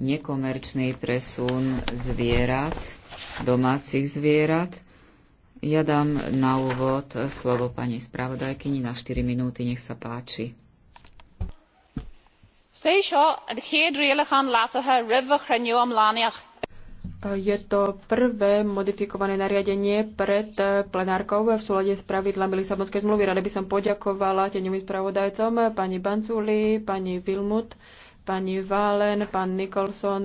nekomerčný presun zvierat, domácich zvierat. Ja dám na úvod slovo pani spravodajkyni na 4 minúty, nech sa páči. Je to prvé modifikované nariadenie pred eh, plenárkou v súlade s pravidlami Lisabonskej zmluvy. Rada by som poďakovala teňovým spravodajcom pani Banculi, pani Vilmut, pani Valen, pán Nicholson,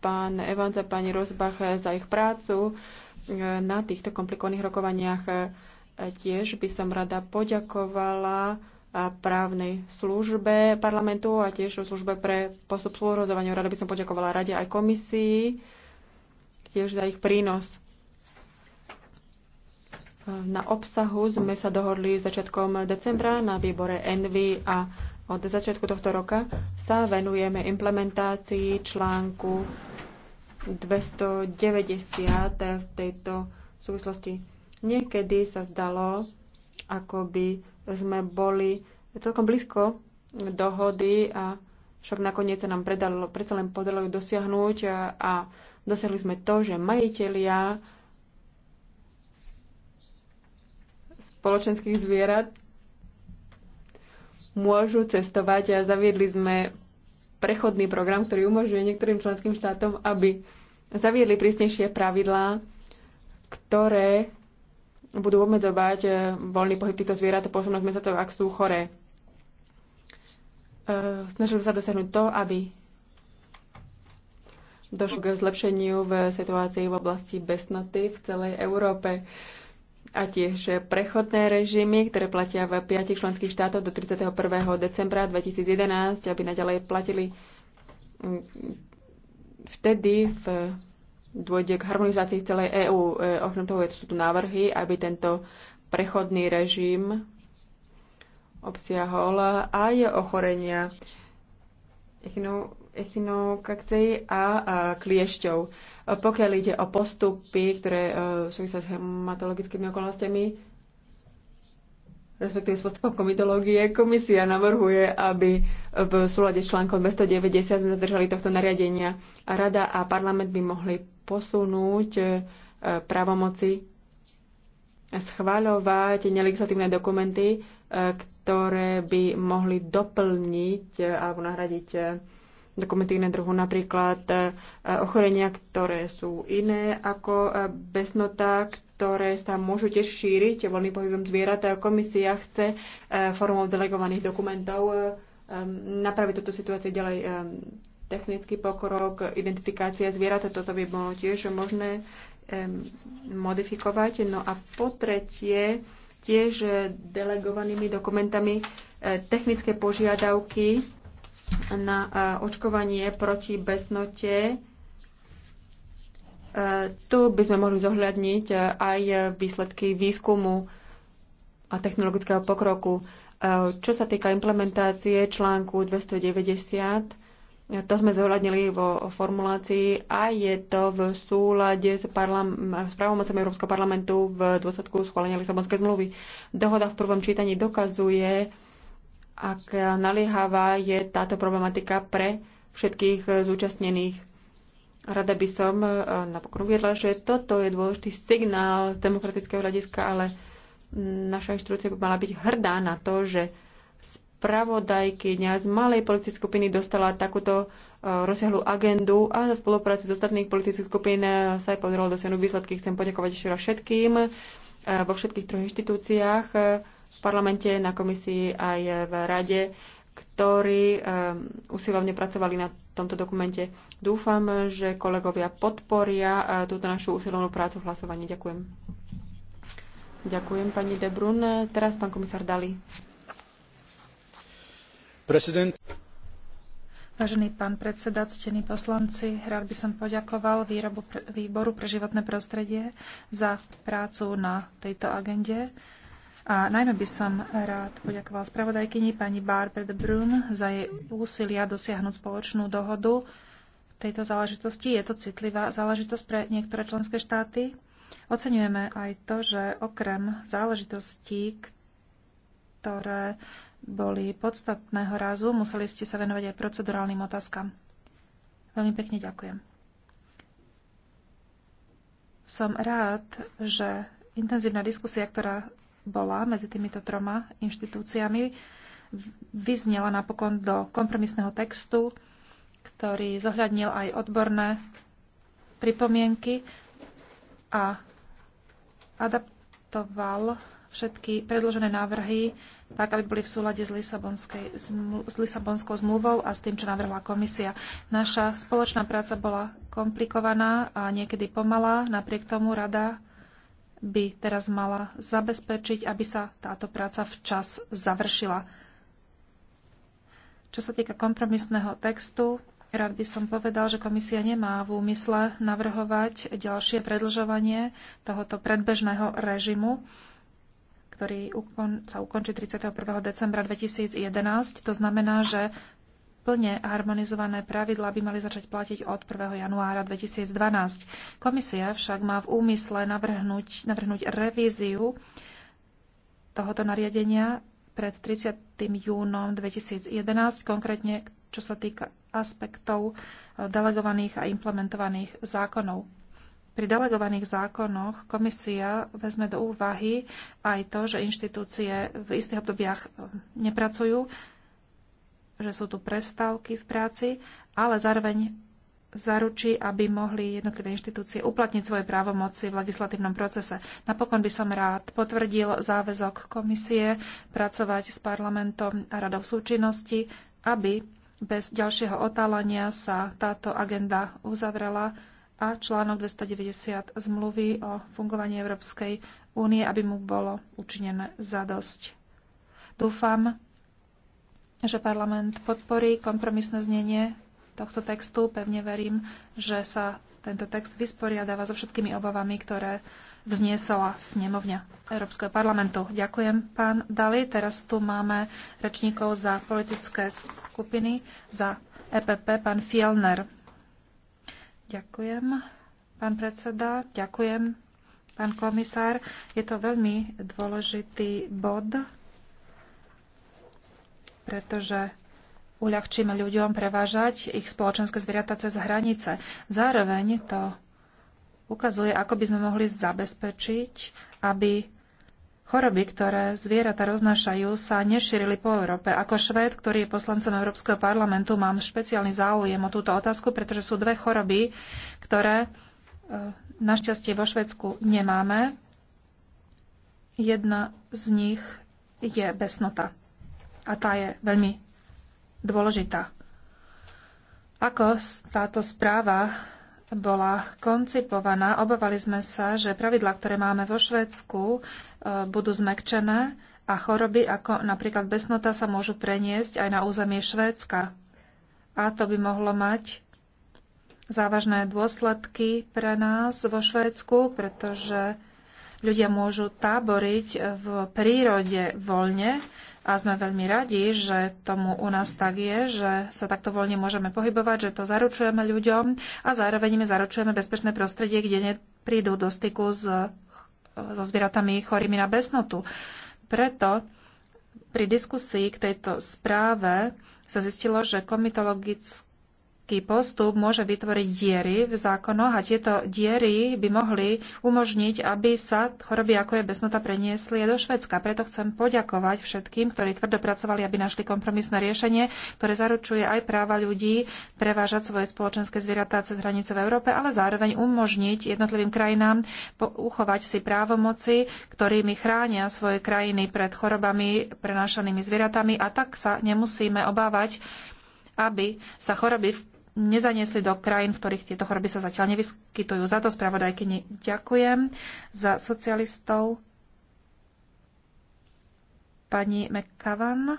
pán Evans a pani Rozbach za ich prácu na týchto komplikovaných rokovaniach. Tiež by som rada poďakovala právnej službe parlamentu a tiež službe pre postup spolurozovania. Rada by som poďakovala rade aj komisii tiež za ich prínos. Na obsahu sme sa dohodli začiatkom decembra na výbore Envy a od začiatku tohto roka sa venujeme implementácii článku 290 v tejto súvislosti. Niekedy sa zdalo, ako by sme boli celkom blízko dohody a však nakoniec sa nám predalo, predsa len ju dosiahnuť a, a dosiahli sme to, že majitelia spoločenských zvierat môžu cestovať a zaviedli sme prechodný program, ktorý umožňuje niektorým členským štátom, aby zaviedli prísnejšie pravidlá, ktoré budú obmedzovať eh, voľný pohyb týchto zvierat po 18 mesiacoch, ak sú choré. Eh, snažili sa dosiahnuť to, aby došlo k zlepšeniu v situácii v oblasti besnoty v celej Európe a tiež prechodné režimy, ktoré platia v piatich členských štátoch do 31. decembra 2011, aby naďalej platili mm, vtedy v dôjde k harmonizácii celej EÚ. E, okrem toho sú tu návrhy, aby tento prechodný režim obsiahol aj ochorenia echinokakcej a, a kliešťov. Pokiaľ ide o postupy, ktoré e, súvisia s hematologickými okolnostiami, respektíve s postupom komitológie, komisia navrhuje, aby v súlade s článkom 290 sme zadržali tohto nariadenia a rada a parlament by mohli posunúť e, pravomoci schváľovať nelegislatívne dokumenty, e, ktoré by mohli doplniť alebo nahradiť dokumentívne druhu, napríklad e, ochorenia, ktoré sú iné ako e, besnota, ktoré sa môžu tiež šíriť voľným pohybom zvierat. Komisia chce e, formou delegovaných dokumentov napraviť túto situáciu ďalej technický pokrok, identifikácia zvierat, toto by bolo tiež možné modifikovať. No a po tretie, tiež delegovanými dokumentami technické požiadavky na e, očkovanie proti besnote. E, tu by sme mohli zohľadniť e, aj výsledky výskumu a technologického pokroku. Čo sa týka implementácie článku 290, to sme zohľadnili vo formulácii a je to v súlade s, parlam- s právomocami Európskeho parlamentu v dôsledku schválenia Lisabonskej zmluvy. Dohoda v prvom čítaní dokazuje, ak naliehavá je táto problematika pre všetkých zúčastnených. Rada by som e, napokon uviedla, že toto je dôležitý signál z demokratického hľadiska, ale naša inštitúcia by mala byť hrdá na to, že spravodajkyňa z malej politickej skupiny dostala takúto e, rozsiahlu agendu a za spolupráci s ostatných politických skupín e, sa aj podarilo dosiahnuť výsledky. Chcem poďakovať ešte raz všetkým vo všetkých troch inštitúciách v parlamente, na komisii aj v rade, ktorí ehm, usilovne pracovali na tomto dokumente. Dúfam, že kolegovia podporia eh, túto našu usilovnú prácu v hlasovaní. Ďakujem. Ďakujem, pani Debrun. Teraz pán komisár Dali. Prezident. Vážený pán predseda, ctení poslanci, rád by som poďakoval výrobu, výboru pre životné prostredie za prácu na tejto agende. A najmä by som rád poďakoval spravodajkyni pani Barbe de Brun za jej úsilia dosiahnuť spoločnú dohodu v tejto záležitosti. Je to citlivá záležitosť pre niektoré členské štáty. Oceňujeme aj to, že okrem záležitostí, ktoré boli podstatného razu, museli ste sa venovať aj procedurálnym otázkam. Veľmi pekne ďakujem. Som rád, že intenzívna diskusia, ktorá bola medzi týmito troma inštitúciami, vyznela napokon do kompromisného textu, ktorý zohľadnil aj odborné pripomienky a adaptoval všetky predložené návrhy tak, aby boli v súlade s, s Lisabonskou zmluvou a s tým, čo navrhla komisia. Naša spoločná práca bola komplikovaná a niekedy pomalá, napriek tomu rada by teraz mala zabezpečiť, aby sa táto práca včas završila. Čo sa týka kompromisného textu, rád by som povedal, že komisia nemá v úmysle navrhovať ďalšie predlžovanie tohoto predbežného režimu, ktorý sa ukončí 31. decembra 2011. To znamená, že plne harmonizované pravidlá by mali začať platiť od 1. januára 2012. Komisia však má v úmysle navrhnúť, navrhnúť revíziu tohoto nariadenia pred 30. júnom 2011, konkrétne čo sa týka aspektov eh, delegovaných a implementovaných zákonov. Pri delegovaných zákonoch komisia vezme do úvahy aj to, že inštitúcie v istých obdobiach eh, nepracujú že sú tu prestávky v práci, ale zároveň zaručí, aby mohli jednotlivé inštitúcie uplatniť svoje právomoci v legislatívnom procese. Napokon by som rád potvrdil záväzok komisie pracovať s parlamentom a radou súčinnosti, aby bez ďalšieho otálania sa táto agenda uzavrela a článok 290 zmluvy o fungovaní Európskej únie, aby mu bolo učinené zadosť. Dúfam, že parlament podporí kompromisné znenie tohto textu. Pevne verím, že sa tento text vysporiadáva so všetkými obavami, ktoré vzniesla snemovňa Európskeho parlamentu. Ďakujem, pán Dali. Teraz tu máme rečníkov za politické skupiny, za EPP, pán Fielner. Ďakujem, pán predseda. Ďakujem, pán komisár. Je to veľmi dôležitý bod pretože uľahčíme ľuďom prevážať ich spoločenské zvieratá cez hranice. Zároveň to ukazuje, ako by sme mohli zabezpečiť, aby choroby, ktoré zvieratá roznášajú, sa nešírili po Európe. Ako Švéd, ktorý je poslancom Európskeho parlamentu, mám špeciálny záujem o túto otázku, pretože sú dve choroby, ktoré e, našťastie vo Švedsku nemáme. Jedna z nich je besnota a tá je veľmi dôležitá. Ako táto správa bola koncipovaná, obávali sme sa, že pravidlá, ktoré máme vo Švédsku, e, budú zmekčené a choroby ako napríklad besnota sa môžu preniesť aj na územie Švédska. A to by mohlo mať závažné dôsledky pre nás vo Švédsku, pretože ľudia môžu táboriť v prírode voľne a sme veľmi radi, že tomu u nás tak je, že sa takto voľne môžeme pohybovať, že to zaručujeme ľuďom a zároveň im zaručujeme bezpečné prostredie, kde neprídu do styku s, so zvieratami chorými na besnotu. Preto pri diskusii k tejto správe sa zistilo, že komitologické taký postup môže vytvoriť diery v zákonoch a tieto diery by mohli umožniť, aby sa choroby ako je besnota preniesli aj do Švedska. Preto chcem poďakovať všetkým, ktorí tvrdo pracovali, aby našli kompromisné riešenie, ktoré zaručuje aj práva ľudí prevážať svoje spoločenské zvieratá cez hranice v Európe, ale zároveň umožniť jednotlivým krajinám uchovať si právomoci, ktorými chránia svoje krajiny pred chorobami prenášanými zvieratami a tak sa nemusíme obávať aby sa choroby v nezaniesli do krajín, v ktorých tieto choroby sa zatiaľ nevyskytujú. Za to spravodajky ďakujem. Za socialistov pani McCavan.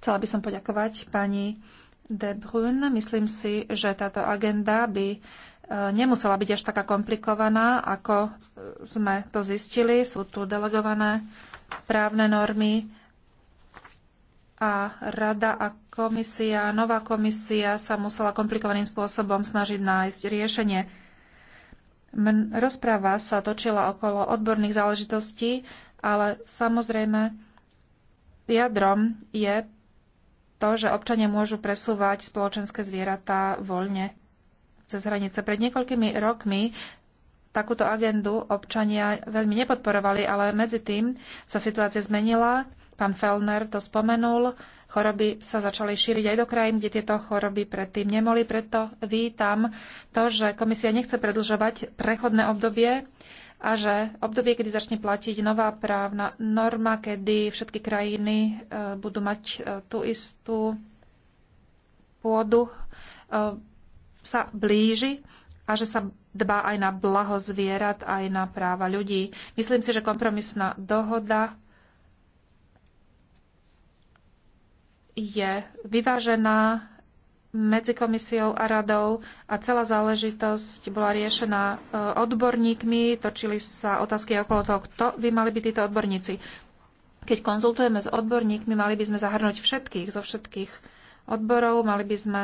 Chcela by som poďakovať pani De Bruyne. Myslím si, že táto agenda by e, nemusela byť až taká komplikovaná, ako e, sme to zistili. Sú tu delegované právne normy, a rada a komisia, nová komisia sa musela komplikovaným spôsobom snažiť nájsť riešenie. Rozpráva sa točila okolo odborných záležitostí, ale samozrejme jadrom je to, že občania môžu presúvať spoločenské zvieratá voľne cez hranice. Pred niekoľkými rokmi takúto agendu občania veľmi nepodporovali, ale medzi tým sa situácia zmenila pán Fellner to spomenul, choroby sa začali šíriť aj do krajín, kde tieto choroby predtým nemoli. Preto vítam to, že komisia nechce predlžovať prechodné obdobie a že obdobie, kedy začne platiť nová právna norma, kedy všetky krajiny e, budú mať e, tú istú pôdu, e, sa blíži a že sa dbá aj na blaho zvierat, aj na práva ľudí. Myslím si, že kompromisná dohoda je vyvážená medzi komisiou a radou a celá záležitosť bola riešená e, odborníkmi. Točili sa otázky okolo toho, kto by mali byť títo odborníci. Keď konzultujeme s odborníkmi, mali by sme zahrnúť všetkých zo všetkých odborov, mali by sme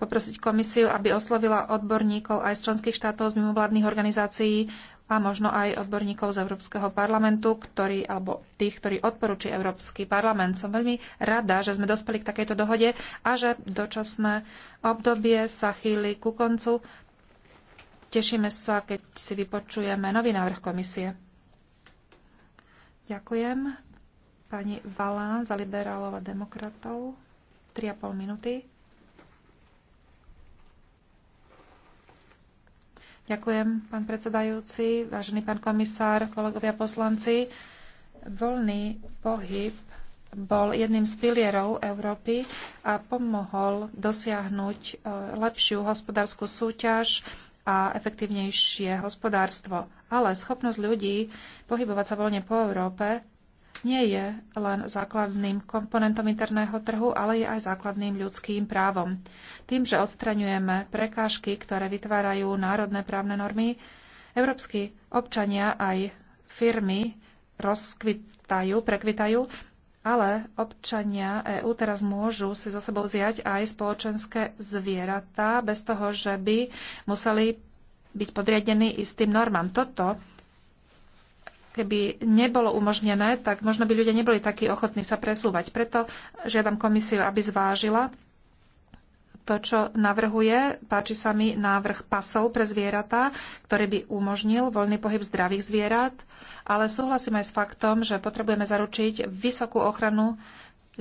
poprosiť komisiu, aby oslovila odborníkov aj z členských štátov, z mimovládnych organizácií, a možno aj odborníkov z Európskeho parlamentu, ktorí, alebo tých, ktorí odporúči Európsky parlament. Som veľmi rada, že sme dospeli k takejto dohode a že dočasné obdobie sa chýli ku koncu. Tešíme sa, keď si vypočujeme nový návrh komisie. Ďakujem. Pani Valán za liberálov a demokratov. 3,5 minúty. Ďakujem, pán predsedajúci, vážený pán komisár, kolegovia poslanci. Voľný pohyb bol jedným z pilierov Európy a pomohol dosiahnuť e, lepšiu hospodárskú súťaž a efektívnejšie hospodárstvo. Ale schopnosť ľudí pohybovať sa voľne po Európe nie je len základným komponentom interného trhu, ale je aj základným ľudským právom. Tým, že odstraňujeme prekážky, ktoré vytvárajú národné právne normy, európsky občania aj firmy rozkvitajú, prekvitajú, ale občania EÚ teraz môžu si za sebou zjať aj spoločenské zvieratá bez toho, že by museli byť podriadení istým normám. Toto keby nebolo umožnené, tak možno by ľudia neboli takí ochotní sa presúvať. Preto žiadam komisiu, aby zvážila to, čo navrhuje. Páči sa mi návrh pasov pre zvieratá, ktorý by umožnil voľný pohyb zdravých zvierat, ale súhlasím aj s faktom, že potrebujeme zaručiť vysokú ochranu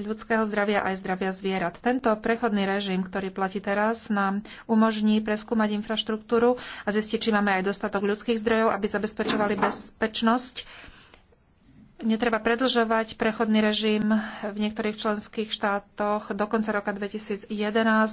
ľudského zdravia aj zdravia zvierat. Tento prechodný režim, ktorý platí teraz, nám umožní preskúmať infraštruktúru a zistiť, či máme aj dostatok ľudských zdrojov, aby zabezpečovali bezpečnosť Netreba predlžovať prechodný režim v niektorých členských štátoch do konca roka 2011.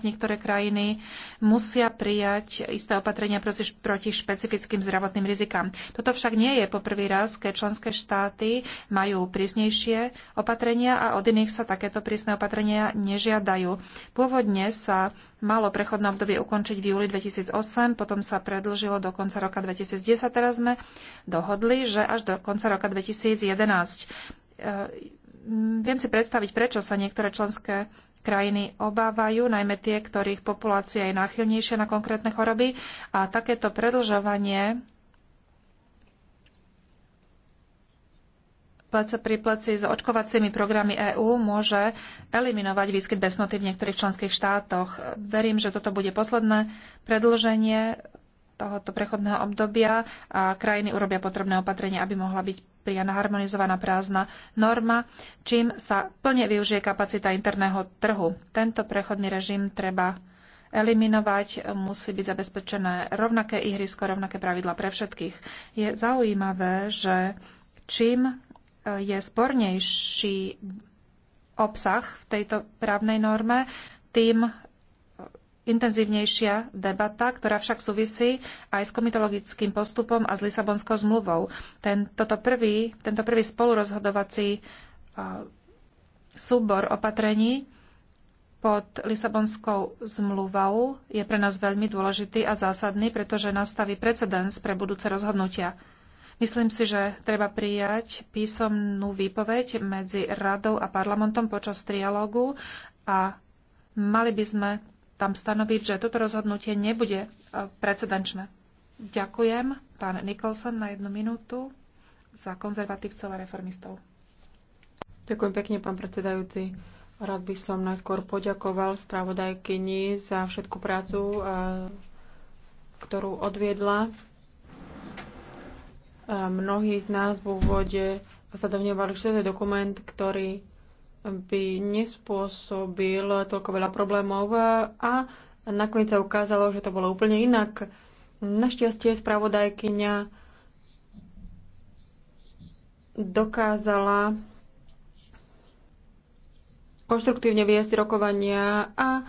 Niektoré krajiny musia prijať isté opatrenia proti, proti špecifickým zdravotným rizikám. Toto však nie je poprvý raz, keď členské štáty majú prísnejšie opatrenia a od iných sa takéto prísne opatrenia nežiadajú. Pôvodne sa malo prechodné obdobie ukončiť v júli 2008, potom sa predlžilo do konca roka 2010. Teraz sme dohodli, že až do konca roka 2011. E, viem si predstaviť, prečo sa niektoré členské krajiny obávajú, najmä tie, ktorých populácia je náchylnejšia na konkrétne choroby. A takéto predlžovanie plece pri s očkovacími programy EÚ môže eliminovať výskyt besnoty v niektorých členských štátoch. Verím, že toto bude posledné predlženie tohoto prechodného obdobia a krajiny urobia potrebné opatrenie, aby mohla byť prijana harmonizovaná prázdna norma, čím sa plne využije kapacita interného trhu. Tento prechodný režim treba eliminovať, musí byť zabezpečené rovnaké ihrisko, rovnaké pravidla pre všetkých. Je zaujímavé, že čím je spornejší obsah v tejto právnej norme, tým intenzívnejšia debata, ktorá však súvisí aj s komitologickým postupom a s Lisabonskou zmluvou. Ten, toto prvý, tento prvý spolurozhodovací uh, súbor opatrení pod Lisabonskou zmluvou je pre nás veľmi dôležitý a zásadný, pretože nastaví precedens pre budúce rozhodnutia. Myslím si, že treba prijať písomnú výpoveď medzi radou a parlamentom počas trialógu a mali by sme tam stanoviť, že toto rozhodnutie nebude e, precedenčné. Ďakujem, pán Nicholson, na jednu minútu za konzervatívcov a reformistov. Ďakujem pekne, pán predsedajúci. Rád by som najskôr poďakoval spravodajkyni za všetku prácu, e, ktorú odviedla Mnohí z nás v úvode sa domnievali, že to je dokument, ktorý by nespôsobil toľko veľa problémov a nakoniec sa ukázalo, že to bolo úplne inak. Našťastie spravodajkyňa dokázala konštruktívne viesť rokovania a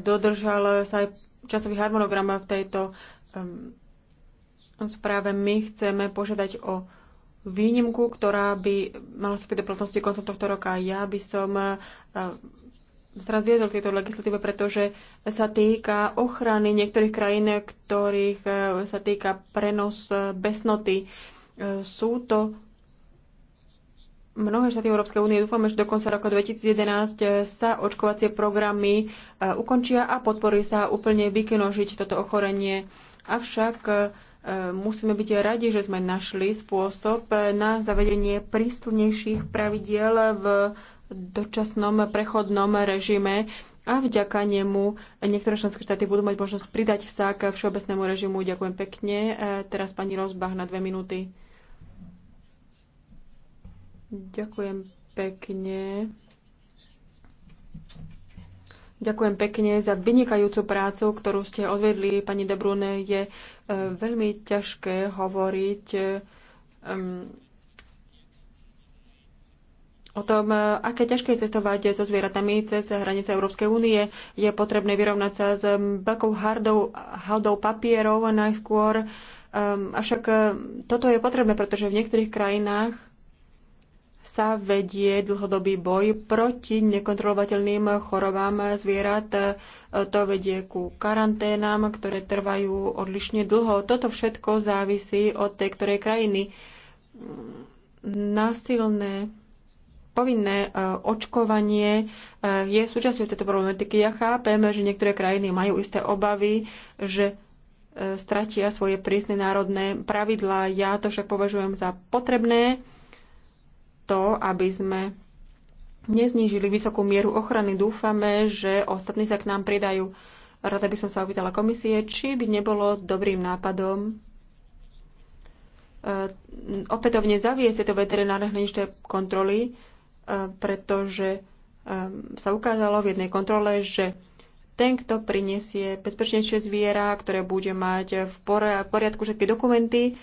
dodržal sa aj časový harmonogram v tejto správe my chceme požiadať o výnimku, ktorá by mala vstúpiť do platnosti koncom tohto roka. Ja by som e, teraz viedol tieto legislatíve, pretože sa týka ochrany niektorých krajín, ktorých e, sa týka prenos e, besnoty. Sú to mnohé štáty Európskej únie. Dúfame, že do konca roka 2011 sa očkovacie programy ukončia a podporí sa úplne vykinožiť toto ochorenie. Avšak musíme byť radi, že sme našli spôsob na zavedenie prísnejších pravidiel v dočasnom prechodnom režime a vďaka nemu niektoré členské štáty budú mať možnosť pridať sa k všeobecnému režimu. Ďakujem pekne. Teraz pani Rozbach na dve minúty. Ďakujem pekne. Ďakujem pekne za vynikajúcu prácu, ktorú ste odvedli. Pani Debrune je veľmi ťažké hovoriť o tom, aké ťažké je cestovať so zvieratami cez hranice Európskej únie. Je potrebné vyrovnať sa s veľkou hardou, hardou papierov najskôr. Um, avšak toto je potrebné, pretože v niektorých krajinách sa vedie dlhodobý boj proti nekontrolovateľným chorobám zvierat. To vedie ku karanténám, ktoré trvajú odlišne dlho. Toto všetko závisí od tej ktorej krajiny. Násilné povinné e, očkovanie e, je súčasťou tejto problematiky. Ja chápem, že niektoré krajiny majú isté obavy, že e, stratia svoje prísne národné pravidlá. Ja to však považujem za potrebné to, aby sme neznížili vysokú mieru ochrany. Dúfame, že ostatní sa k nám pridajú. Rada by som sa opýtala komisie, či by nebolo dobrým nápadom e, opätovne zaviesť tieto veterinárne hraničné kontroly, e, pretože e, sa ukázalo v jednej kontrole, že ten, kto prinesie bezpečnejšie zviera, ktoré bude mať v poriadku všetky dokumenty,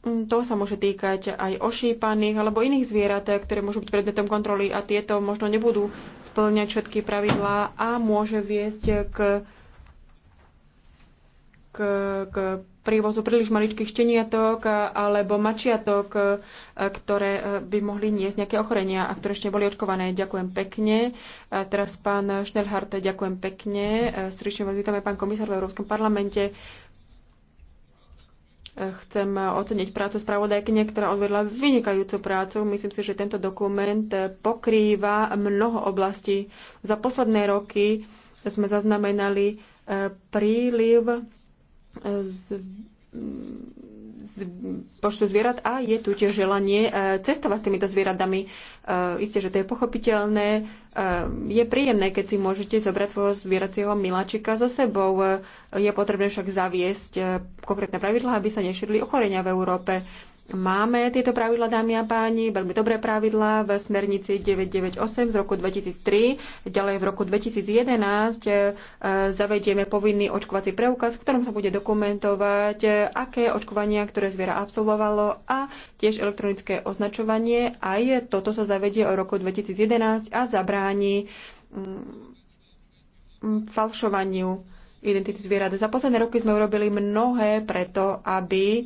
Mm, to sa môže týkať aj ošípaných alebo iných zvierat, ktoré môžu byť predmetom kontroly a tieto možno nebudú splňať všetky pravidlá a môže viesť k, k, k prívozu príliš maličkých šteniatok alebo mačiatok, ktoré eh, by mohli niesť nejaké ochorenia a ktoré ešte boli očkované. Ďakujem pekne. A teraz pán Schnellhardt, ďakujem pekne. Eh, Srdečne vás vítame, pán komisár v Európskom parlamente. Chcem oceniť prácu spravodajkyne, ktorá odvedla vynikajúcu prácu. Myslím si, že tento dokument pokrýva mnoho oblastí. Za posledné roky sme zaznamenali eh, príliv z počtu zvierat a je tu tiež želanie e, cestovať s týmito zvieratami. E, Isté, že to je pochopiteľné. E, je príjemné, keď si môžete zobrať svojho zvieracieho miláčika so sebou. Je potrebné však zaviesť konkrétne pravidlá, aby sa nešírili ochorenia v Európe. Máme tieto pravidla, dámy a páni, veľmi dobré pravidla v smernici 998 z roku 2003. Ďalej v roku 2011 e, zavedieme povinný očkovací preukaz, v ktorom sa bude dokumentovať, e, aké očkovania, ktoré zviera absolvovalo a tiež elektronické označovanie. Aj toto sa zavedie o roku 2011 a zabráni mm, mm, falšovaniu identity zvierat. Za posledné roky sme urobili mnohé preto, aby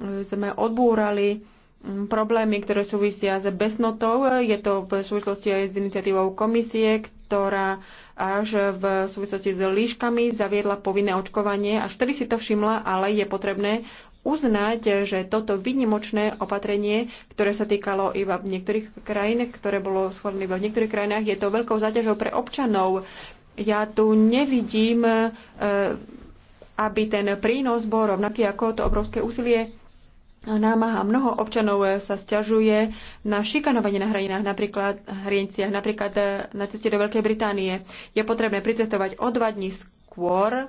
sme odbúrali mm, problémy, ktoré súvisia s besnotou. Je to v súvislosti aj s iniciatívou komisie, ktorá až v súvislosti s líškami zaviedla povinné očkovanie. Až vtedy si to všimla, ale je potrebné uznať, že toto vynimočné opatrenie, ktoré sa týkalo iba v niektorých krajín, ktoré bolo schválené iba v niektorých krajinách, je to veľkou záťažou pre občanov. Ja tu nevidím, eh, aby ten prínos bol rovnaký ako to obrovské úsilie námaha. Mnoho občanov eh, sa sťažuje na šikanovanie na hraninách, napríklad, hraniciach, napríklad eh, na ceste do Veľkej Británie. Je potrebné pricestovať o dva dní skôr, eh,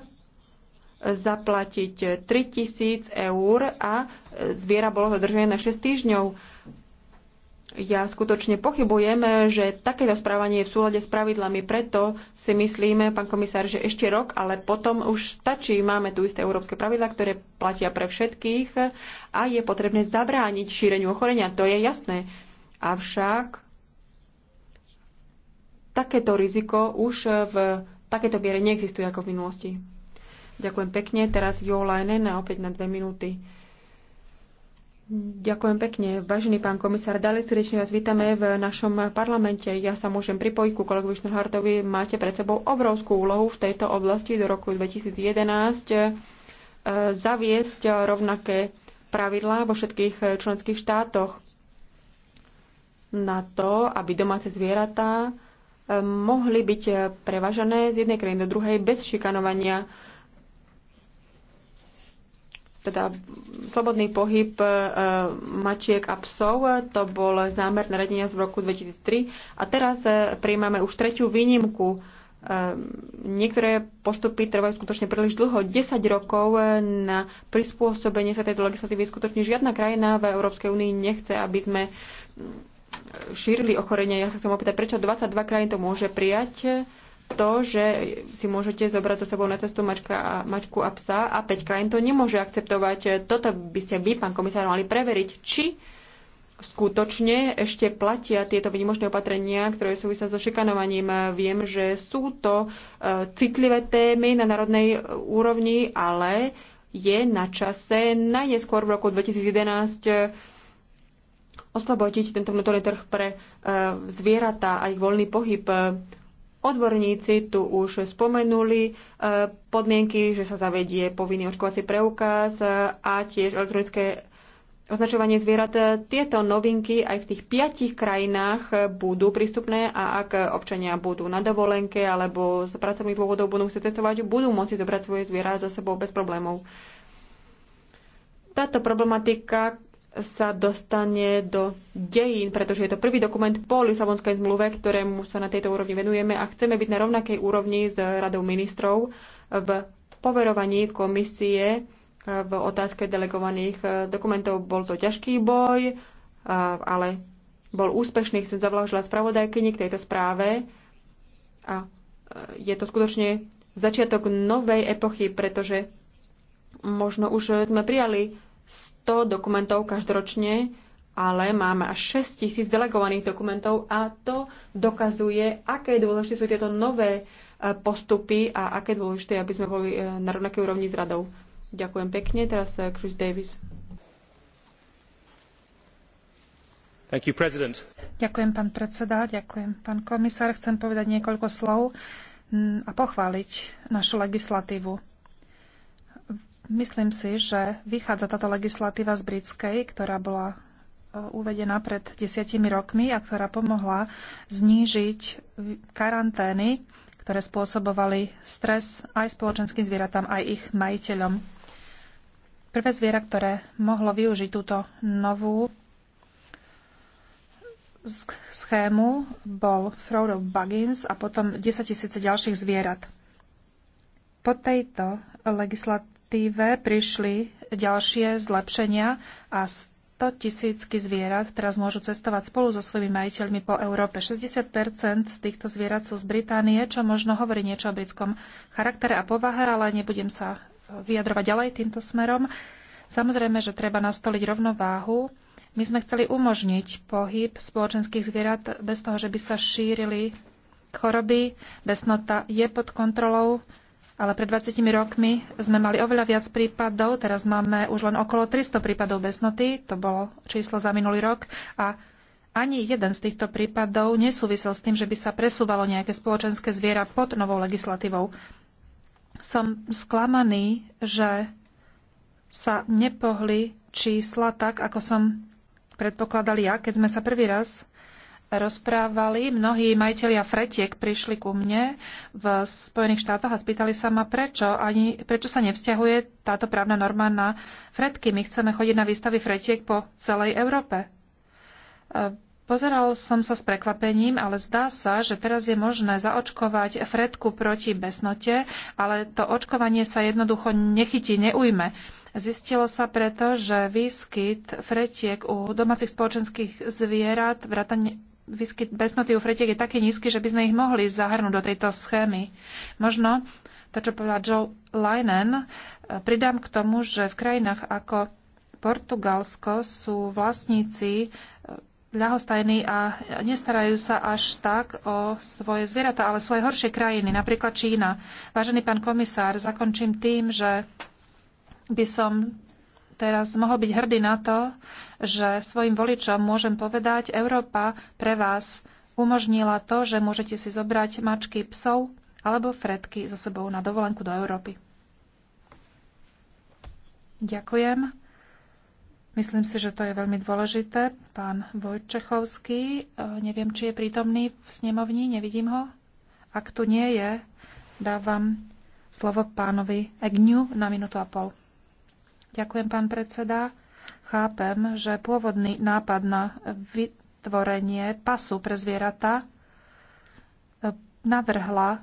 zaplatiť 3000 eur a zviera bolo zadržené na 6 týždňov ja skutočne pochybujem, že takéto správanie je v súlade s pravidlami. Preto si myslíme, pán komisár, že ešte rok, ale potom už stačí. Máme tu isté európske pravidla, ktoré platia pre všetkých a je potrebné zabrániť šíreniu ochorenia. To je jasné. Avšak takéto riziko už v takéto miere neexistuje ako v minulosti. Ďakujem pekne. Teraz Jo Leinen opäť na dve minúty. Ďakujem pekne. Vážený pán komisár, dali srdečne vás vítame v našom parlamente. Ja sa môžem pripojiť ku kolegovi Šnurhartovi. Máte pred sebou obrovskú úlohu v tejto oblasti do roku 2011 eh, zaviesť rovnaké pravidlá vo všetkých členských štátoch na to, aby domáce zvieratá eh, mohli byť prevažené z jednej krajiny do druhej bez šikanovania teda slobodný pohyb e, mačiek a psov, e, to bol zámer naradenia z roku 2003 a teraz e, prijímame už tretiu výnimku. Niektoré postupy trvajú skutočne príliš dlho, 10 rokov na prispôsobenie sa tejto legislatívy. Skutočne žiadna krajina v Európskej únii nechce, aby sme šírili ochorenia. Ja sa chcem opýtať, prečo 22 krajín to môže prijať to, že si môžete zobrať so sebou na cestu mačka a, mačku a psa a 5 krajín to nemôže akceptovať. Toto by ste vy, pán komisár, mali preveriť, či skutočne ešte platia tieto výnimočné opatrenia, ktoré súvisia so šikanovaním. Viem, že sú to e, citlivé témy na národnej e, úrovni, ale je na čase najneskôr v roku 2011 e, oslobodiť tento vnútorný trh pre zvieratá a ich voľný pohyb. Odborníci tu už spomenuli e, podmienky, že sa zavedie povinný očkovací preukaz e, a tiež elektronické označovanie zvierat. Tieto novinky aj v tých piatich krajinách budú prístupné a ak občania budú na dovolenke alebo z pracovných dôvodov budú chcieť cestovať, budú môcť zobrať svoje zvierat so sebou bez problémov. Táto problematika sa dostane do dejín, pretože je to prvý dokument po Lisabonskej zmluve, ktorému sa na tejto úrovni venujeme a chceme byť na rovnakej úrovni s Radou ministrov v poverovaní komisie eh, v otázke delegovaných eh, dokumentov. Bol to ťažký boj, eh, ale bol úspešný. Chcem zavlažila spravodajkyni k tejto správe a je to skutočne začiatok novej epochy, pretože možno už sme prijali 100 dokumentov každoročne, ale máme až 6 tisíc delegovaných dokumentov a to dokazuje, aké dôležité sú tieto nové e, postupy a aké dôležité, aby sme boli e, na rovnakej úrovni s radou. Ďakujem pekne. Teraz e, Chris Davis. You, ďakujem, pán predseda, ďakujem, pán komisár. Chcem povedať niekoľko slov a pochváliť našu legislatívu Myslím si, že vychádza táto legislatíva z britskej, ktorá bola e, uvedená pred desiatimi rokmi a ktorá pomohla znížiť karantény, ktoré spôsobovali stres aj spoločenským zvieratám, aj ich majiteľom. Prvé zviera, ktoré mohlo využiť túto novú schému, bol Frodo Buggins a potom 10 tisíce ďalších zvierat. Po tejto legislatíve legislatíve prišli ďalšie zlepšenia a 100 tisícky zvierat teraz môžu cestovať spolu so svojimi majiteľmi po Európe. 60 z týchto zvierat sú z Británie, čo možno hovorí niečo o britskom charaktere a povahe, ale nebudem sa vyjadrovať ďalej týmto smerom. Samozrejme, že treba nastoliť rovnováhu. My sme chceli umožniť pohyb spoločenských zvierat bez toho, že by sa šírili choroby. Besnota je pod kontrolou ale pred 20 rokmi sme mali oveľa viac prípadov, teraz máme už len okolo 300 prípadov besnoty, to bolo číslo za minulý rok a ani jeden z týchto prípadov nesúvisel s tým, že by sa presúvalo nejaké spoločenské zviera pod novou legislatívou. Som sklamaný, že sa nepohli čísla tak, ako som predpokladal ja, keď sme sa prvý raz rozprávali, mnohí majiteľia fretiek prišli ku mne v Spojených štátoch a spýtali sa ma, prečo, ani, prečo sa nevzťahuje táto právna norma na fretky. My chceme chodiť na výstavy fretiek po celej Európe. E, pozeral som sa s prekvapením, ale zdá sa, že teraz je možné zaočkovať fretku proti besnote, ale to očkovanie sa jednoducho nechytí, neujme. Zistilo sa preto, že výskyt fretiek u domácich spoločenských zvierat, vrátane výskyt besnoty u fretiek je taký nízky, že by sme ich mohli zahrnúť do tejto schémy. Možno to, čo povedal Joe Linen, e, pridám k tomu, že v krajinách ako Portugalsko sú vlastníci e, ľahostajní a nestarajú sa až tak o svoje zvieratá, ale svoje horšie krajiny, napríklad Čína. Vážený pán komisár, zakončím tým, že by som teraz mohol byť hrdý na to, že svojim voličom môžem povedať, Európa pre vás umožnila to, že môžete si zobrať mačky psov alebo fredky so sebou na dovolenku do Európy. Ďakujem. Myslím si, že to je veľmi dôležité. Pán Vojčechovský, e, neviem, či je prítomný v snemovni, nevidím ho. Ak tu nie je, dávam slovo pánovi Egňu na minútu a pol. Ďakujem, pán predseda. Chápem, že pôvodný nápad na vytvorenie pasu pre zvieratá e, navrhla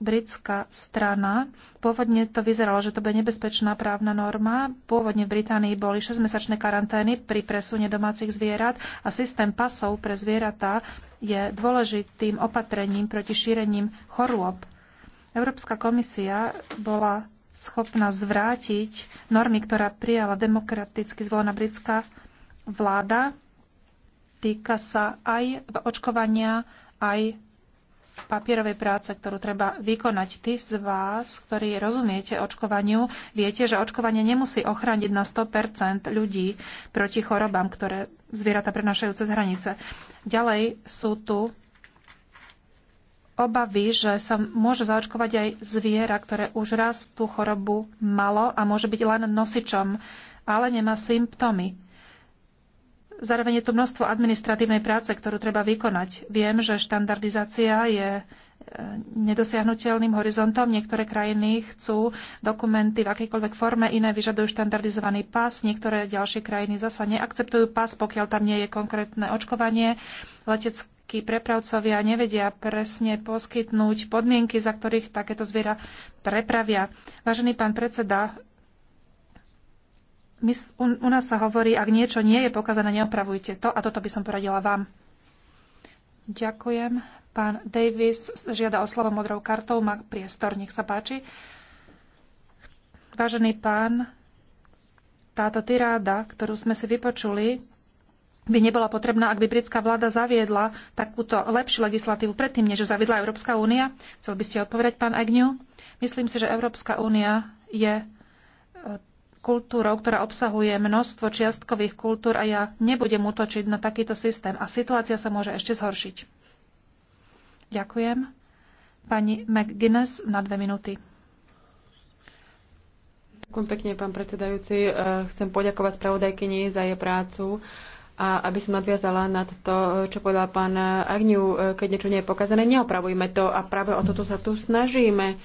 britská strana. Pôvodne to vyzeralo, že to bude nebezpečná právna norma. Pôvodne v Británii boli 6-mesačné karantény pri presune domácich zvierat a systém pasov pre zvieratá je dôležitým opatrením proti šírením chorôb. Európska komisia bola schopná zvrátiť normy, ktorá prijala demokraticky zvolená britská vláda. Týka sa aj očkovania, aj papierovej práce, ktorú treba vykonať. Tí z vás, ktorí rozumiete očkovaniu, viete, že očkovanie nemusí ochrániť na 100% ľudí proti chorobám, ktoré zvieratá prenašajú cez hranice. Ďalej sú tu obavy, že sa môže zaočkovať aj zviera, ktoré už raz tú chorobu malo a môže byť len nosičom, ale nemá symptómy. Zároveň je tu množstvo administratívnej práce, ktorú treba vykonať. Viem, že štandardizácia je e, nedosiahnutelným horizontom. Niektoré krajiny chcú dokumenty v akejkoľvek forme, iné vyžadujú štandardizovaný pás, niektoré ďalšie krajiny zasa neakceptujú pás, pokiaľ tam nie je konkrétne očkovanie. Leteckí prepravcovia nevedia presne poskytnúť podmienky, za ktorých takéto zviera prepravia. Vážený pán predseda, my, u, u nás sa hovorí, ak niečo nie je pokazané, neopravujte to a toto by som poradila vám. Ďakujem. Pán Davis žiada o slovo modrou kartou, má priestor, nech sa páči. Vážený pán, táto tiráda, ktorú sme si vypočuli, by nebola potrebná, ak by britská vláda zaviedla takúto lepšiu legislatívu predtým, než zaviedla Európska únia? Chcel by ste odpovedať, pán Agnew? Myslím si, že Európska únia je kultúrou, ktorá obsahuje množstvo čiastkových kultúr a ja nebudem útočiť na takýto systém a situácia sa môže ešte zhoršiť. Ďakujem. Pani McGuinness na dve minúty. Ďakujem pekne, pán predsedajúci. Eh, chcem poďakovať spravodajkyni za jej prácu. A aby som nadviazala na to, čo povedal pán Agniu, eh, keď niečo nie je pokazané, neopravujme to. A práve o toto sa tu snažíme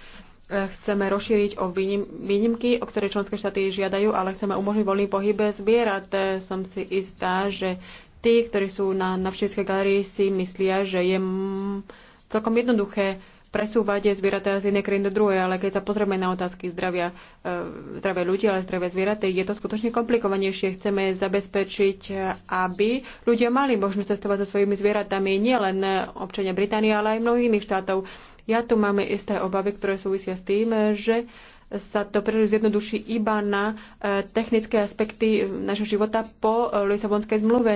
chceme rozšíriť o výnimky, o ktoré členské štáty žiadajú, ale chceme umožniť voľný pohyb zvierat. Som si istá, že tí, ktorí sú na navštívskej galerii, si myslia, že je celkom jednoduché presúvať zvieratá z jednej krajiny do druhej, ale keď sa pozrieme na otázky zdravia, e, zdravia ľudí, ale zdravia zvieratá, je to skutočne komplikovanejšie. Chceme zabezpečiť, aby ľudia mali možnosť cestovať so svojimi zvieratami nielen občania Británie, ale aj mnohých iných štátov ja tu máme isté obavy, ktoré súvisia s tým, že sa to príliš zjednoduší iba na e, technické aspekty e, našho života po Lisabonskej zmluve.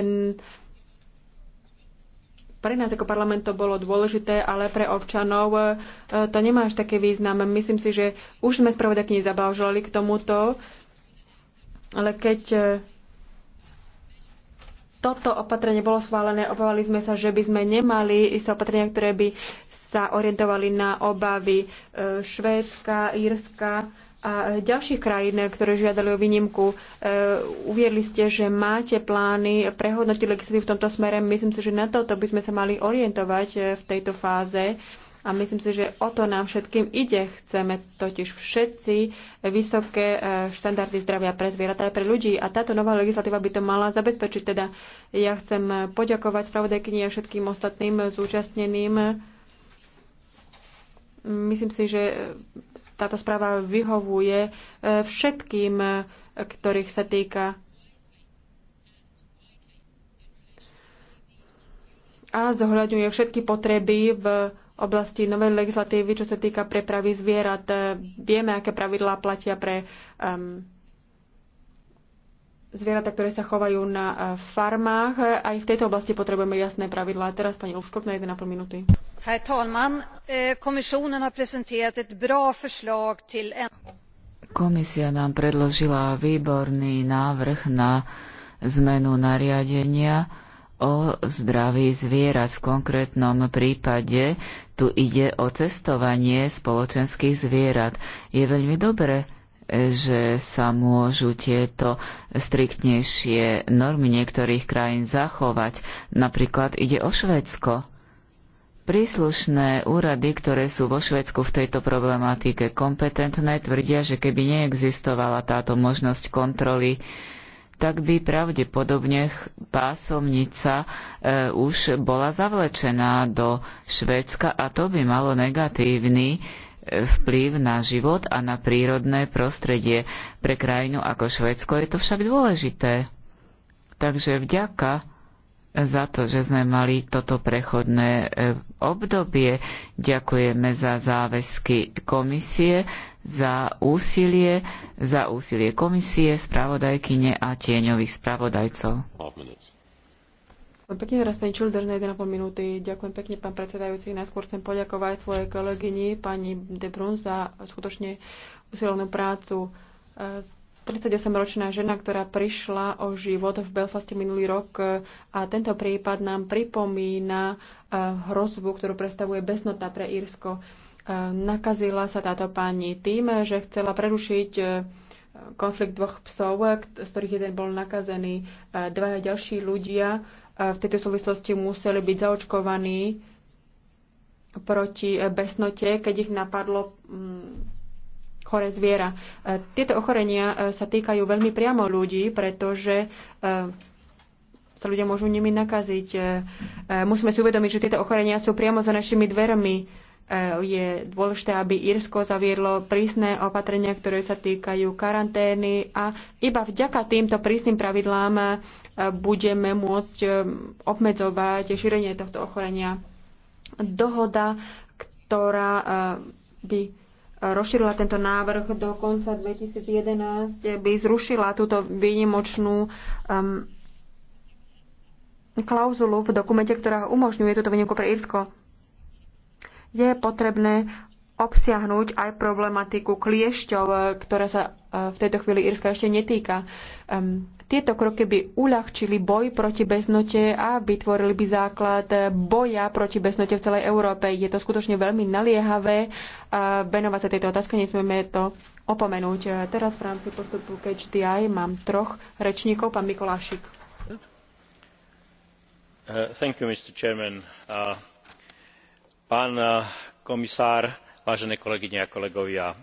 Pre nás ako parlament to bolo dôležité, ale pre občanov e, to nemá až taký význam. Myslím si, že už sme spravodajkyni zablážali k tomuto, ale keď toto opatrenie bolo schválené, obávali sme sa, že by sme nemali isté opatrenia, ktoré by sa orientovali na obavy e, Švédska, Írska a ďalších krajín, ktoré žiadali o výnimku. E, uviedli ste, že máte plány prehodnotiť legislatívu v tomto smere. Myslím si, že na toto by sme sa mali orientovať e, v tejto fáze a myslím si, že o to nám všetkým ide. Chceme totiž všetci vysoké e, štandardy zdravia pre zvieratá aj pre ľudí. A táto nová legislatíva by to mala zabezpečiť. Teda ja chcem poďakovať spravodajkyni a všetkým ostatným zúčastneným. Myslím si, že táto správa vyhovuje e, všetkým, e, ktorých sa týka a zohľadňuje všetky potreby v oblasti novej legislatívy, čo sa týka prepravy zvierat. Vieme, aké pravidlá platia pre um, zvieratá, ktoré sa chovajú na uh, farmách. Aj v tejto oblasti potrebujeme jasné pravidlá. Teraz pani Ulfskog na 1,5 minúty. Herr talman, eh, kommissionen har presenterat ett bra förslag till en... Komisia nám predložila výborný návrh na zmenu nariadenia, o zdraví zvierat. V konkrétnom prípade tu ide o testovanie spoločenských zvierat. Je veľmi dobré, že sa môžu tieto striktnejšie normy niektorých krajín zachovať. Napríklad ide o Švédsko. Príslušné úrady, ktoré sú vo Švedsku v tejto problematike kompetentné, tvrdia, že keby neexistovala táto možnosť kontroly tak by pravdepodobne pásomnica e, už bola zavlečená do Švédska a to by malo negatívny e, vplyv na život a na prírodné prostredie. Pre krajinu ako Švédsko je to však dôležité. Takže vďaka za to, že sme mali toto prechodné e, obdobie. Ďakujeme za záväzky komisie, za úsilie, za úsilie komisie, spravodajkyne a tieňových spravodajcov. Pekne teraz pani Čilder na 1,5 minúty. Ďakujem pekne, pán predsedajúci. Najskôr chcem poďakovať svojej kolegyni, pani De Brun, za skutočne usilovnú prácu e, 38-ročná žena, ktorá prišla o život v Belfaste minulý rok e, a tento prípad nám pripomína e, hrozbu, ktorú predstavuje besnota pre Írsko. E, nakazila sa táto pani tým, že chcela prerušiť konflikt dvoch psov, z ktorých jeden bol nakazený. Dvaja ďalší ľudia v tejto súvislosti museli byť zaočkovaní proti besnote, keď ich napadlo mm, chore zviera. E, tieto ochorenia e, sa týkajú veľmi priamo ľudí, pretože e, sa ľudia môžu nimi nakaziť. Musíme si uvedomiť, že tieto ochorenia sú priamo za našimi dvermi je dôležité, aby Írsko zaviedlo prísne opatrenia, ktoré sa týkajú karantény a iba vďaka týmto prísnym pravidlám budeme môcť obmedzovať šírenie tohto ochorenia. Dohoda, ktorá by rozšírila tento návrh do konca 2011, by zrušila túto výnimočnú um, klauzulu v dokumente, ktorá umožňuje túto výnimku pre Irsko. Je potrebné obsiahnuť aj problematiku kliešťov, ktorá sa uh, v tejto chvíli Irska ešte netýka. Um, tieto kroky by uľahčili boj proti beznote a vytvorili by základ boja proti beznote v celej Európe. Je to skutočne veľmi naliehavé a venovať sa tejto otázke, nesmieme to opomenúť. Teraz v rámci postupu KHDI mám troch rečníkov, pán Mikolášik. Uh, thank you, Mr. Chairman. Uh, pán uh, komisár, vážené kolegyne a kolegovia,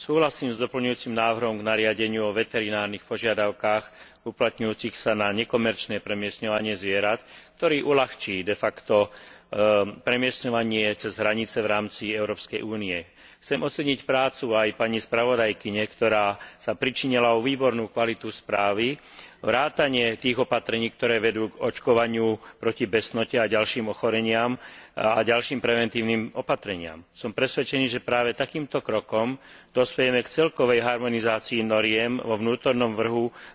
súhlasím s doplňujúcim návrhom k nariadeniu o veterinárnych požiadavkách uplatňujúcich sa na nekomerčné premiestňovanie zvierat ktorý uľahčí de facto ehm, premiestňovanie cez hranice v rámci európskej únie chcem oceniť prácu aj pani spravodajkyne ktorá sa pričinila o výbornú kvalitu správy vrátane tých opatrení ktoré vedú k očkovaniu proti besnote a ďalším ochoreniam a ďalším preventívnym opatreniam. som presvedčený že práve takýmto krokom dospejeme k celkovej harmonizácii noriem vo vnútornom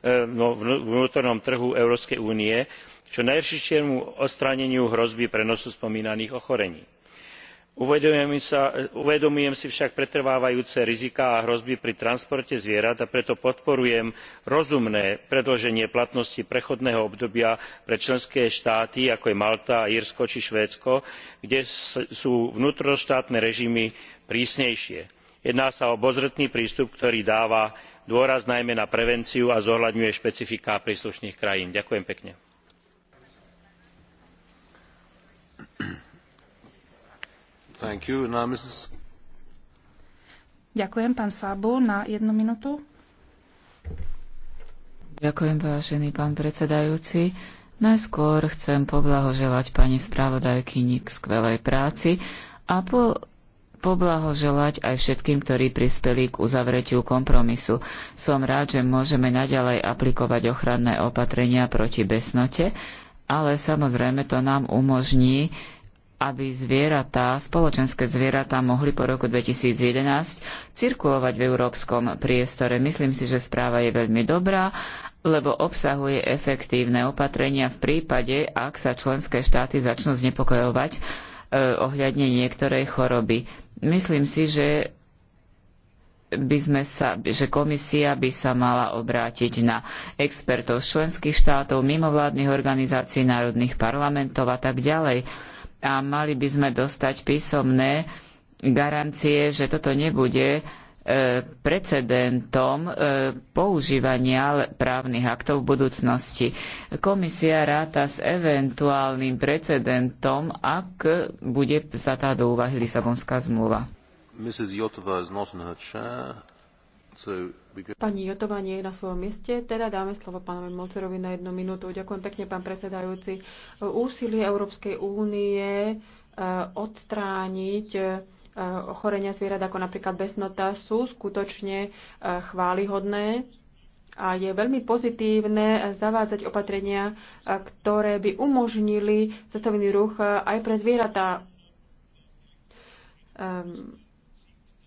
e, no, trhu európskej únie čo najrýchlejšiemu odstráneniu hrozby prenosu spomínaných ochorení. Uvedomujem, si však pretrvávajúce riziká a hrozby pri transporte zvierat a preto podporujem rozumné predĺženie platnosti prechodného obdobia pre členské štáty ako je malta írsko či švédsko kde sú vnútroštátne režimy prísnejšie. jedná sa o obozretný prístup ktorý dáva dôraz najmä na prevenciu a zohľadňuje špecifiká príslušných krajín. ďakujem pekne. Ďakujem, pán Sábu, na jednu minútu. Ďakujem, vážený pán predsedajúci. Najskôr chcem poblahoželať pani spravodajkyni k skvelej práci a po poblahoželať aj všetkým, ktorí prispeli k uzavretiu kompromisu. Som rád, že môžeme naďalej aplikovať ochranné opatrenia proti besnote, ale samozrejme to nám umožní aby zvieratá, spoločenské zvieratá mohli po roku 2011 cirkulovať v európskom priestore. Myslím si, že správa je veľmi dobrá, lebo obsahuje efektívne opatrenia v prípade, ak sa členské štáty začnú znepokojovať e, ohľadne niektorej choroby. Myslím si, že by sme sa, že komisia by sa mala obrátiť na expertov z členských štátov, mimovládnych organizácií, národných parlamentov a tak ďalej a mali by sme dostať písomné garancie, že toto nebude e, precedentom e, používania právnych aktov v budúcnosti. Komisia ráta s eventuálnym precedentom, ak bude tá do úvahy Lisabonská zmluva. Mrs. is not in her chair, so Pani Jotová nie je na svojom mieste, teda dáme slovo pánovi Molcerovi na jednu minútu. Ďakujem pekne, pán predsedajúci. Úsilie Európskej únie e, odstrániť e, ochorenia zvierat ako napríklad besnota sú skutočne e, chválihodné a je veľmi pozitívne zavádzať opatrenia, ktoré by umožnili cestovný ruch aj pre zvieratá. Um,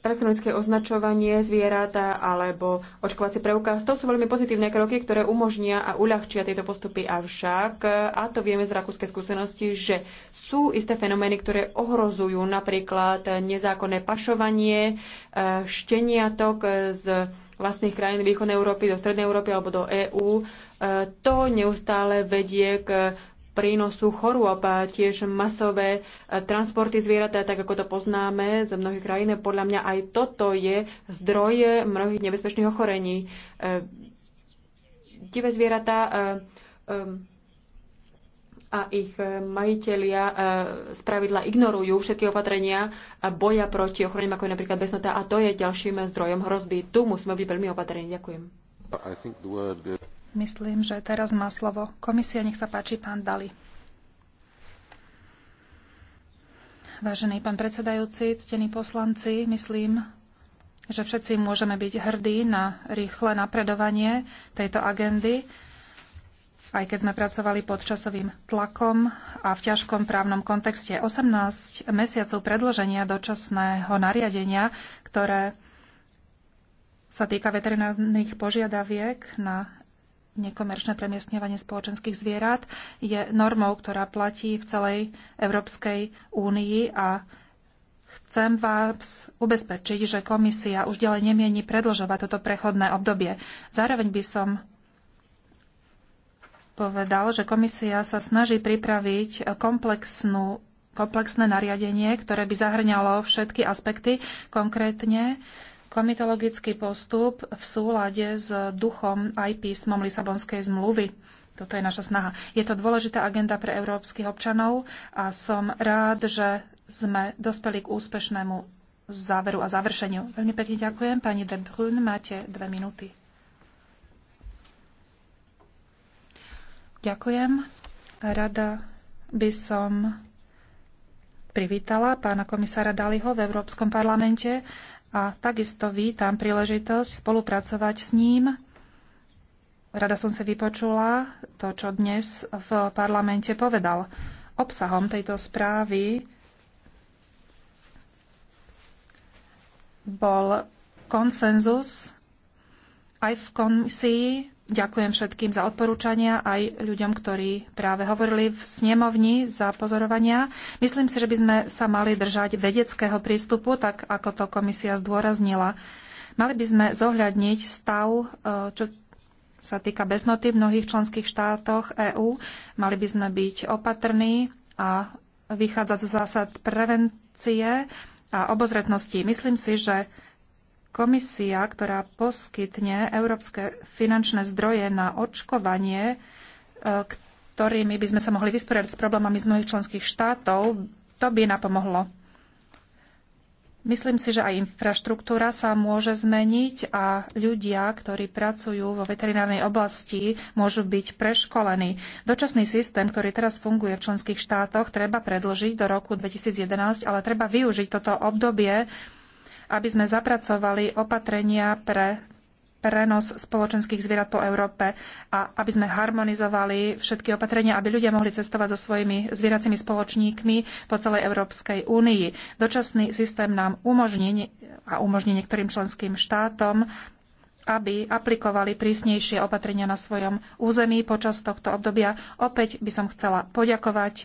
elektronické označovanie zvieratá alebo očkovací preukaz. To sú veľmi pozitívne kroky, ktoré umožnia a uľahčia tieto postupy. Avšak, a to vieme z rakúskej skúsenosti, že sú isté fenomény, ktoré ohrozujú napríklad nezákonné pašovanie e, šteniatok z vlastných krajín východnej Európy do strednej Európy alebo do EÚ. E, to neustále vedie k prínosu chorôb a tiež masové e, transporty zvieratá, tak ako to poznáme z mnohých krajín. Podľa mňa aj toto je zdroj mnohých nebezpečných ochorení. E, divé zvieratá e, a ich majiteľia z pravidla ignorujú všetky opatrenia a boja proti ochorením, ako je napríklad besnota a to je ďalším zdrojom hrozby. Tu musíme byť veľmi opatrení. Ďakujem. Myslím, že teraz má slovo komisia. Nech sa páči, pán Dali. Vážený pán predsedajúci, ctení poslanci, myslím, že všetci môžeme byť hrdí na rýchle napredovanie tejto agendy, aj keď sme pracovali pod časovým tlakom a v ťažkom právnom kontexte. 18 mesiacov predloženia dočasného nariadenia, ktoré sa týka veterinárnych požiadaviek na nekomerčné premiestňovanie spoločenských zvierat je normou, ktorá platí v celej Európskej únii a chcem vás ubezpečiť, že komisia už ďalej nemieni predlžovať toto prechodné obdobie. Zároveň by som povedal, že komisia sa snaží pripraviť komplexnú komplexné nariadenie, ktoré by zahrňalo všetky aspekty, konkrétne komitologický postup v súlade s duchom aj písmom Lisabonskej zmluvy. Toto je naša snaha. Je to dôležitá agenda pre európskych občanov a som rád, že sme dospeli k úspešnému záveru a završeniu. Veľmi pekne ďakujem. Pani De Brun, máte dve minúty. Ďakujem. Rada by som privítala pána komisára Daliho v Európskom parlamente a takisto vítam príležitosť spolupracovať s ním. Rada som si vypočula to, čo dnes v parlamente povedal. Obsahom tejto správy bol konsenzus aj v komisii Ďakujem všetkým za odporúčania, aj ľuďom, ktorí práve hovorili v snemovni za pozorovania. Myslím si, že by sme sa mali držať vedeckého prístupu, tak ako to komisia zdôraznila. Mali by sme zohľadniť stav, e, čo sa týka beznoty v mnohých členských štátoch EÚ. Mali by sme byť opatrní a vychádzať z zásad prevencie a obozretnosti. Myslím si, že Komisia, ktorá poskytne európske finančné zdroje na očkovanie, e, ktorými by sme sa mohli vysporiadať s problémami z mnohých členských štátov, to by napomohlo. Myslím si, že aj infraštruktúra sa môže zmeniť a ľudia, ktorí pracujú vo veterinárnej oblasti, môžu byť preškolení. Dočasný systém, ktorý teraz funguje v členských štátoch, treba predlžiť do roku 2011, ale treba využiť toto obdobie aby sme zapracovali opatrenia pre prenos spoločenských zvierat po Európe a aby sme harmonizovali všetky opatrenia, aby ľudia mohli cestovať so svojimi zvieracími spoločníkmi po celej Európskej únii. Dočasný systém nám umožní a umožní niektorým členským štátom aby aplikovali prísnejšie opatrenia na svojom území počas tohto obdobia. Opäť by som chcela poďakovať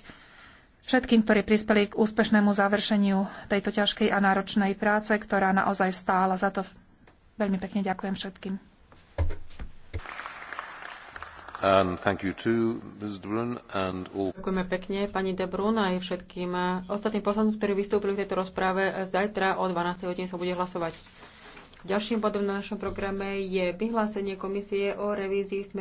všetkým, ktorí prispeli k úspešnému završeniu tejto ťažkej a náročnej práce, ktorá naozaj stála za to. Veľmi pekne ďakujem všetkým. Ďakujeme pekne pani De Brun aj všetkým ostatným poslancom, ktorí vystúpili v tejto rozprave. Zajtra o 12. hodine sa bude hlasovať. Ďalším bodom na našom programe je vyhlásenie komisie o revízii